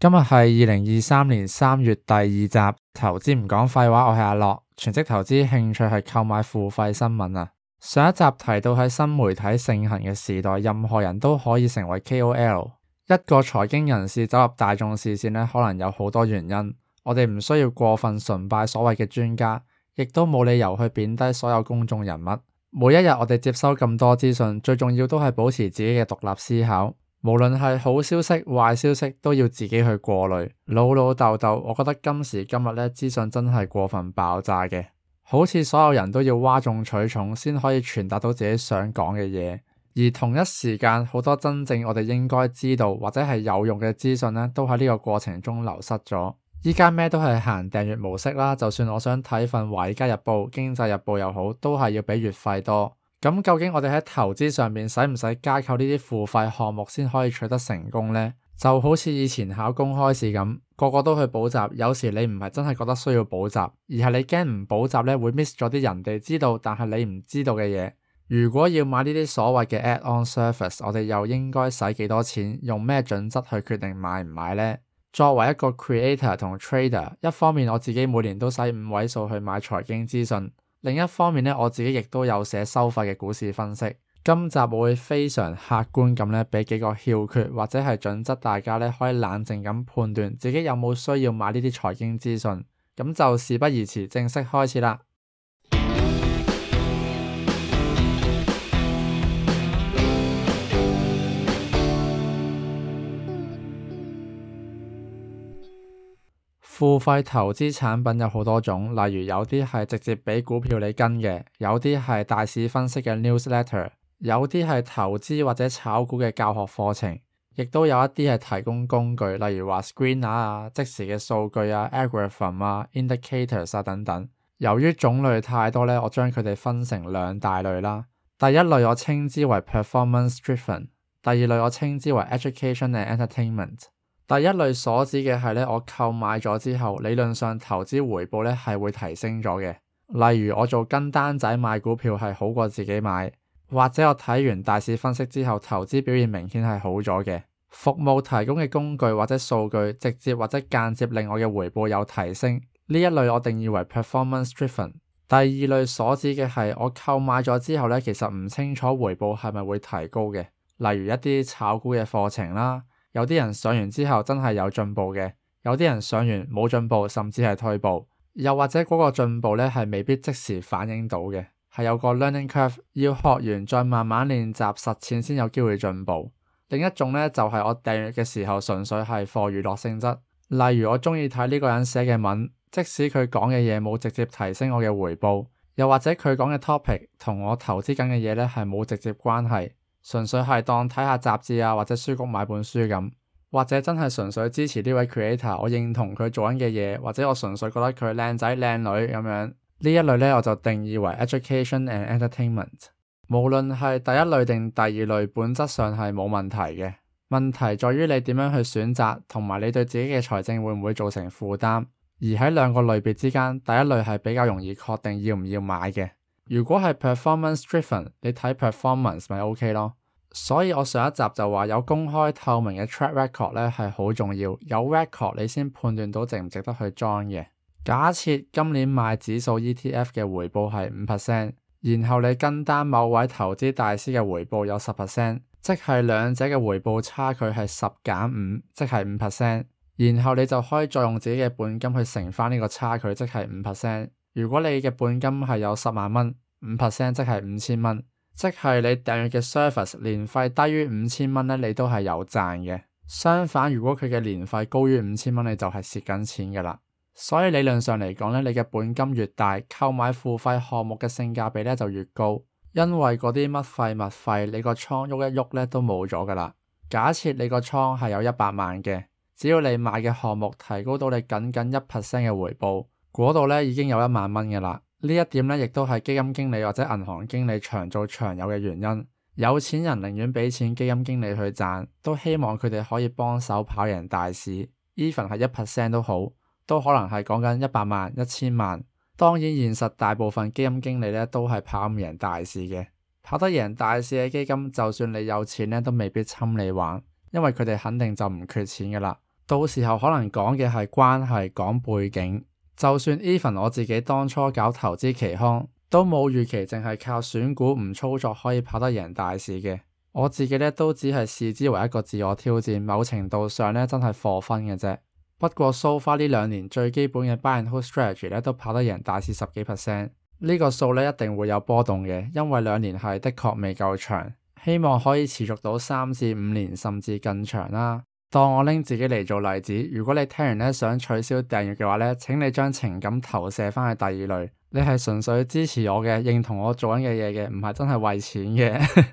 今日係二零二三年三月第二集，投資唔講廢話，我係阿樂，全職投資興趣係購買付費新聞啊。上一集提到喺新媒體盛行嘅時代，任何人都可以成為 KOL。一個財經人士走入大眾視線呢，可能有好多原因。我哋唔需要過分崇拜所謂嘅專家，亦都冇理由去貶低所有公眾人物。每一日我哋接收咁多資訊，最重要都係保持自己嘅獨立思考。無論係好消息、壞消息，都要自己去過濾。老老豆豆，我覺得今時今日咧，資訊真係過分爆炸嘅，好似所有人都要嘩眾取寵先可以傳達到自己想講嘅嘢。而同一時間，好多真正我哋應該知道或者係有用嘅資訊呢，都喺呢個過程中流失咗。而家咩都係行訂閱模式啦，就算我想睇份《華爾街日報》《經濟日報》又好，都係要俾月費多。咁究竟我哋喺投資上面使唔使加購呢啲付費項目先可以取得成功呢？就好似以前考公開試咁，個個都去補習，有時你唔係真係覺得需要補習，而係你驚唔補習咧會 miss 咗啲人哋知道，但係你唔知道嘅嘢。如果要買呢啲所謂嘅 add-on service，我哋又應該使幾多錢？用咩準則去決定買唔買呢？作為一個 creator 同 trader，一方面我自己每年都使五位數去買財經資訊。另一方面咧，我自己亦都有寫收費嘅股市分析。今集我會非常客觀咁咧，畀幾個竅訣或者係準則，大家咧可以冷靜咁判斷自己有冇需要買呢啲財經資訊。咁就事不宜遲，正式開始啦。付費投資產品有好多種，例如有啲係直接俾股票你跟嘅，有啲係大市分析嘅 newsletter，有啲係投資或者炒股嘅教學課程，亦都有一啲係提供工具，例如話 screener 啊、即時嘅數據啊、algorithm 啊、indicators 啊等等。由於種類太多咧，我將佢哋分成兩大類啦。第一類我稱之為 performance-driven，第二類我稱之為 education and entertainment。第一類所指嘅係我購買咗之後，理論上投資回報咧係會提升咗嘅。例如我做跟單仔買股票係好過自己買，或者我睇完大市分析之後，投資表現明顯係好咗嘅。服務提供嘅工具或者數據，直接或者間接令我嘅回報有提升，呢一類我定義為 performance driven。第二類所指嘅係我購買咗之後，其實唔清楚回報係咪會提高嘅。例如一啲炒股嘅課程啦。有啲人上完之後真係有進步嘅，有啲人上完冇進步，甚至係退步，又或者嗰個進步咧係未必即時反映到嘅，係有個 learning curve，要學完再慢慢練習實踐先有機會進步。另一種咧就係、是、我訂閱嘅時候純粹係課娛樂性質，例如我鍾意睇呢個人寫嘅文，即使佢講嘅嘢冇直接提升我嘅回報，又或者佢講嘅 topic 同我投資緊嘅嘢咧係冇直接關係。純粹係當睇下雜誌啊，或者書局買本書咁，或者真係純粹支持呢位 creator，我認同佢做緊嘅嘢，或者我純粹覺得佢靚仔靚女咁樣，呢一類咧我就定義為 education and entertainment。無論係第一類定第二類，本質上係冇問題嘅。問題在於你點樣去選擇，同埋你對自己嘅財政會唔會造成負擔。而喺兩個類別之間，第一類係比較容易確定要唔要買嘅。如果係 performance driven，你睇 performance 咪 OK 咯。所以我上一集就話有公開透明嘅 track record 咧，係好重要。有 record 你先判斷到值唔值得去 join 嘅。假設今年買指數 ETF 嘅回報係五 percent，然後你跟單某位投資大師嘅回報有十 percent，即係兩者嘅回報差距係十減五，5, 即係五 percent。然後你就可以再用自己嘅本金去乘翻呢個差距，即係五 percent。如果你嘅本金係有十萬蚊，五 percent 即係五千蚊，即係你訂閱嘅 service 年費低於五千蚊咧，你都係有賺嘅。相反，如果佢嘅年費高於五千蚊，你就係蝕緊錢噶啦。所以理論上嚟講咧，你嘅本金越大，購買付費項目嘅性價比咧就越高，因為嗰啲乜費物費，你個倉喐一喐咧都冇咗噶啦。假設你個倉係有一百萬嘅，只要你買嘅項目提高到你僅僅一 percent 嘅回報。嗰度呢已經有一萬蚊嘅啦。呢一點呢，亦都係基金經理或者銀行經理長做長有嘅原因。有錢人寧願畀錢基金經理去賺，都希望佢哋可以幫手跑贏大市，even 係一 percent 都好，都可能係講緊一百萬、一千萬。當然，現實大部分基金經理呢都係跑唔贏大市嘅，跑得贏大市嘅基金，就算你有錢呢，都未必侵你玩，因為佢哋肯定就唔缺錢噶啦。到時候可能講嘅係關係，講背景。就算 even 我自己當初搞投資期刊，都冇預期淨係靠選股唔操作可以跑得贏大市嘅。我自己呢都只係視之為一個自我挑戰，某程度上呢真係破分嘅啫。不過 so far 呢兩年最基本嘅 buy and hold strategy 咧都跑得贏大市十幾 percent，呢，這個數呢一定會有波動嘅，因為兩年係的確未夠長，希望可以持續到三至五年甚至更長啦，啊。當我拎自己嚟做例子，如果你聽完咧想取消訂閱嘅話咧，請你將情感投射翻去第二類，你係純粹支持我嘅，認同我做緊嘅嘢嘅，唔係真係為錢嘅。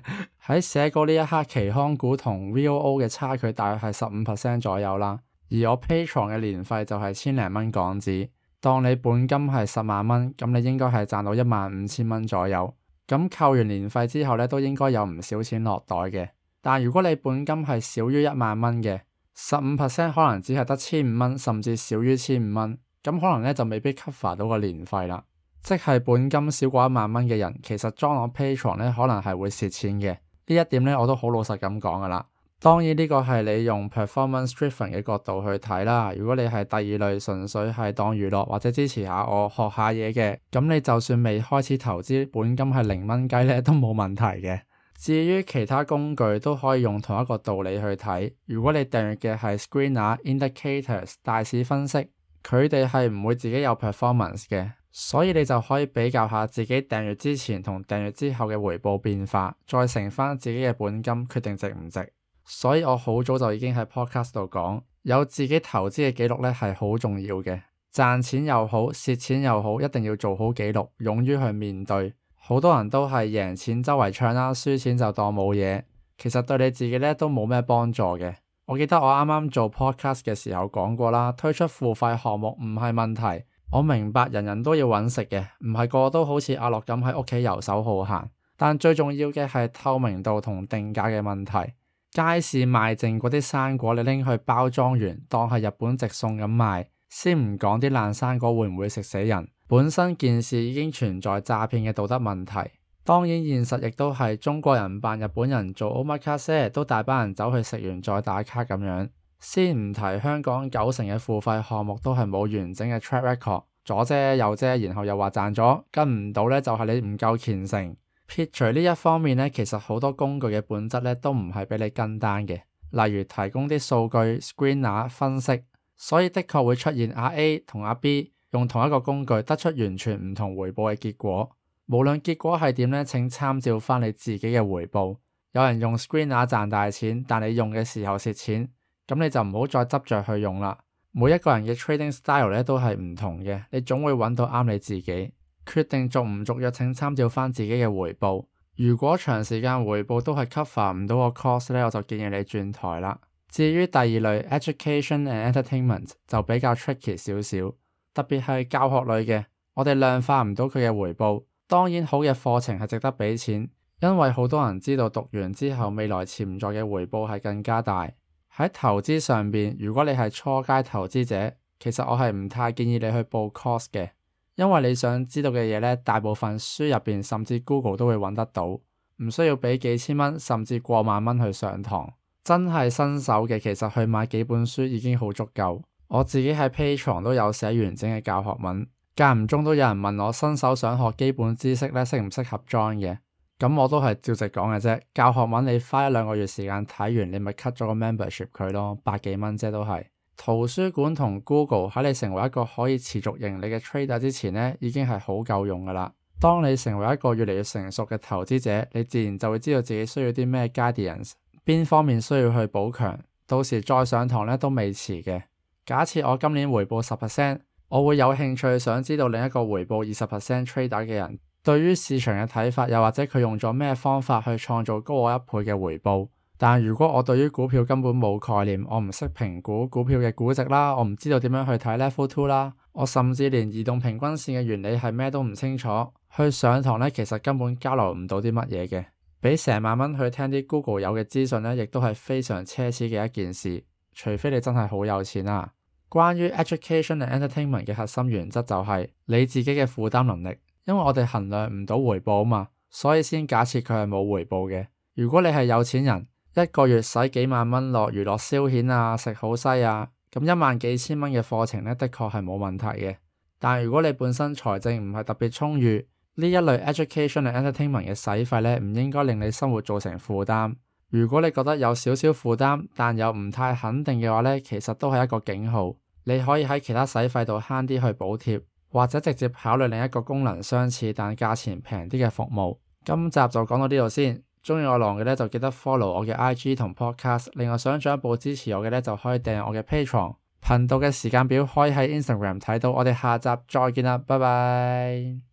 喺寫稿呢一刻，期康股同 VOO 嘅差距大約係十五 percent 左右啦，而我 Patreon 嘅年費就係千零蚊港紙。當你本金係十萬蚊，咁你應該係賺到一萬五千蚊左右。咁扣完年費之後咧，都應該有唔少錢落袋嘅。但如果你本金係少於一萬蚊嘅，十五 percent 可能只係得千五蚊，甚至少於千五蚊，咁可能咧就未必 cover 到個年費啦。即係本金少過一萬蚊嘅人，其實上我 Patreon 咧可能係會蝕錢嘅。呢一點咧我都好老實咁講噶啦。當然呢個係你用 performance driven 嘅角度去睇啦。如果你係第二類純，純粹係當娛樂或者支持下我學下嘢嘅，咁你就算未開始投資，本金係零蚊雞咧都冇問題嘅。至於其他工具都可以用同一個道理去睇。如果你訂閱嘅係 screener、indicators、大市分析，佢哋係唔會自己有 performance 嘅，所以你就可以比較下自己訂閱之前同訂閱之後嘅回報變化，再乘返自己嘅本金，決定值唔值。所以我好早就已經喺 podcast 度講，有自己投資嘅記錄咧，係好重要嘅。賺錢又好，蝕錢又好，一定要做好記錄，勇於去面對。好多人都係贏錢周圍唱啦，輸錢就當冇嘢。其實對你自己呢都冇咩幫助嘅。我記得我啱啱做 podcast 嘅時候講過啦，推出付費項目唔係問題。我明白人人都要揾食嘅，唔係個個都好似阿樂咁喺屋企遊手好閒。但最重要嘅係透明度同定價嘅問題。街市賣剩嗰啲生果，你拎去包裝完，當係日本直送咁賣。先唔講啲爛生果會唔會食死人，本身件事已經存在詐騙嘅道德問題。當然現實亦都係中國人扮日本人做 Omakase，都大班人走去食完再打卡咁樣。先唔提香港九成嘅付費項目都係冇完整嘅 Track Record，左遮右遮，然後又話賺咗跟唔到咧，就係你唔夠虔誠。撇除呢一方面呢，其實好多工具嘅本質咧都唔係俾你跟單嘅，例如提供啲數據、Screener、分析。所以的確會出現阿 A 同阿 B 用同一個工具得出完全唔同回報嘅結果。無論結果係點呢？請參照返你自己嘅回報。有人用 Screener 賺大錢，但你用嘅時候蝕錢，咁你就唔好再執着去用啦。每一個人嘅 Trading Style 咧都係唔同嘅，你總會揾到啱你自己。決定續唔續約，請參照返自己嘅回報。如果長時間回報都係 Cover 唔到個 Cost 咧，我就建議你轉台啦。至於第二類 education and entertainment 就比較 tricky 少少，特別係教學類嘅，我哋量化唔到佢嘅回報。當然好嘅課程係值得俾錢，因為好多人知道讀完之後未來潛在嘅回報係更加大。喺投資上邊，如果你係初階投資者，其實我係唔太建議你去報 course 嘅，因為你想知道嘅嘢呢，大部分書入面，甚至 Google 都會揾得到，唔需要俾幾千蚊甚至過萬蚊去上堂。真係新手嘅，其實去買幾本書已經好足夠。我自己喺 Patreon 都有寫完整嘅教學文，間唔中都有人問我，新手想學基本知識咧，適唔適合 join 嘅？咁我都係照直講嘅啫。教學文你花一兩個月時間睇完，你咪 cut 咗個 membership 佢咯，百幾蚊啫都係。圖書館同 Google 喺你成為一個可以持續盈利嘅 trader 之前咧，已經係好夠用噶啦。當你成為一個越嚟越成熟嘅投資者，你自然就會知道自己需要啲咩 guidance。邊方面需要去補強，到時再上堂呢都未遲嘅。假設我今年回報十 percent，我會有興趣想知道另一個回報二十 percent trader 嘅人對於市場嘅睇法，又或者佢用咗咩方法去創造高我一倍嘅回報。但如果我對於股票根本冇概念，我唔識評估股票嘅估值啦，我唔知道點樣去睇 level two 啦，我甚至連移動平均線嘅原理係咩都唔清楚，去上堂呢，其實根本交流唔到啲乜嘢嘅。畀成萬蚊去聽啲 Google 有嘅資訊呢，亦都係非常奢侈嘅一件事，除非你真係好有錢啦，啊。關於 education and entertainment 嘅核心原則就係，是，你自己嘅負擔能力，因為我哋衡量唔到回報啊嘛，所以先假設佢係冇回報嘅。如果你係有錢人，一個月使幾萬蚊落娛樂消遣啊，食好西啊，咁一萬幾千蚊嘅課程呢，的確係冇問題嘅。但如果你本身財政唔係特別充裕，呢一類 education 同 entertainment 嘅使費咧，唔應該令你生活造成負擔。如果你覺得有少少負擔，但又唔太肯定嘅話呢，其實都係一個警號。你可以喺其他使費度慳啲去補貼，或者直接考慮另一個功能相似但價錢平啲嘅服務。今集就講到呢度先。鍾意我狼嘅咧，就記得 follow 我嘅 IG 同 podcast。另外想進一步支持我嘅咧，就可以訂閱我嘅 Patreon。頻道嘅時間表可以喺 instagram 睇到。我哋下集再見啦，拜拜。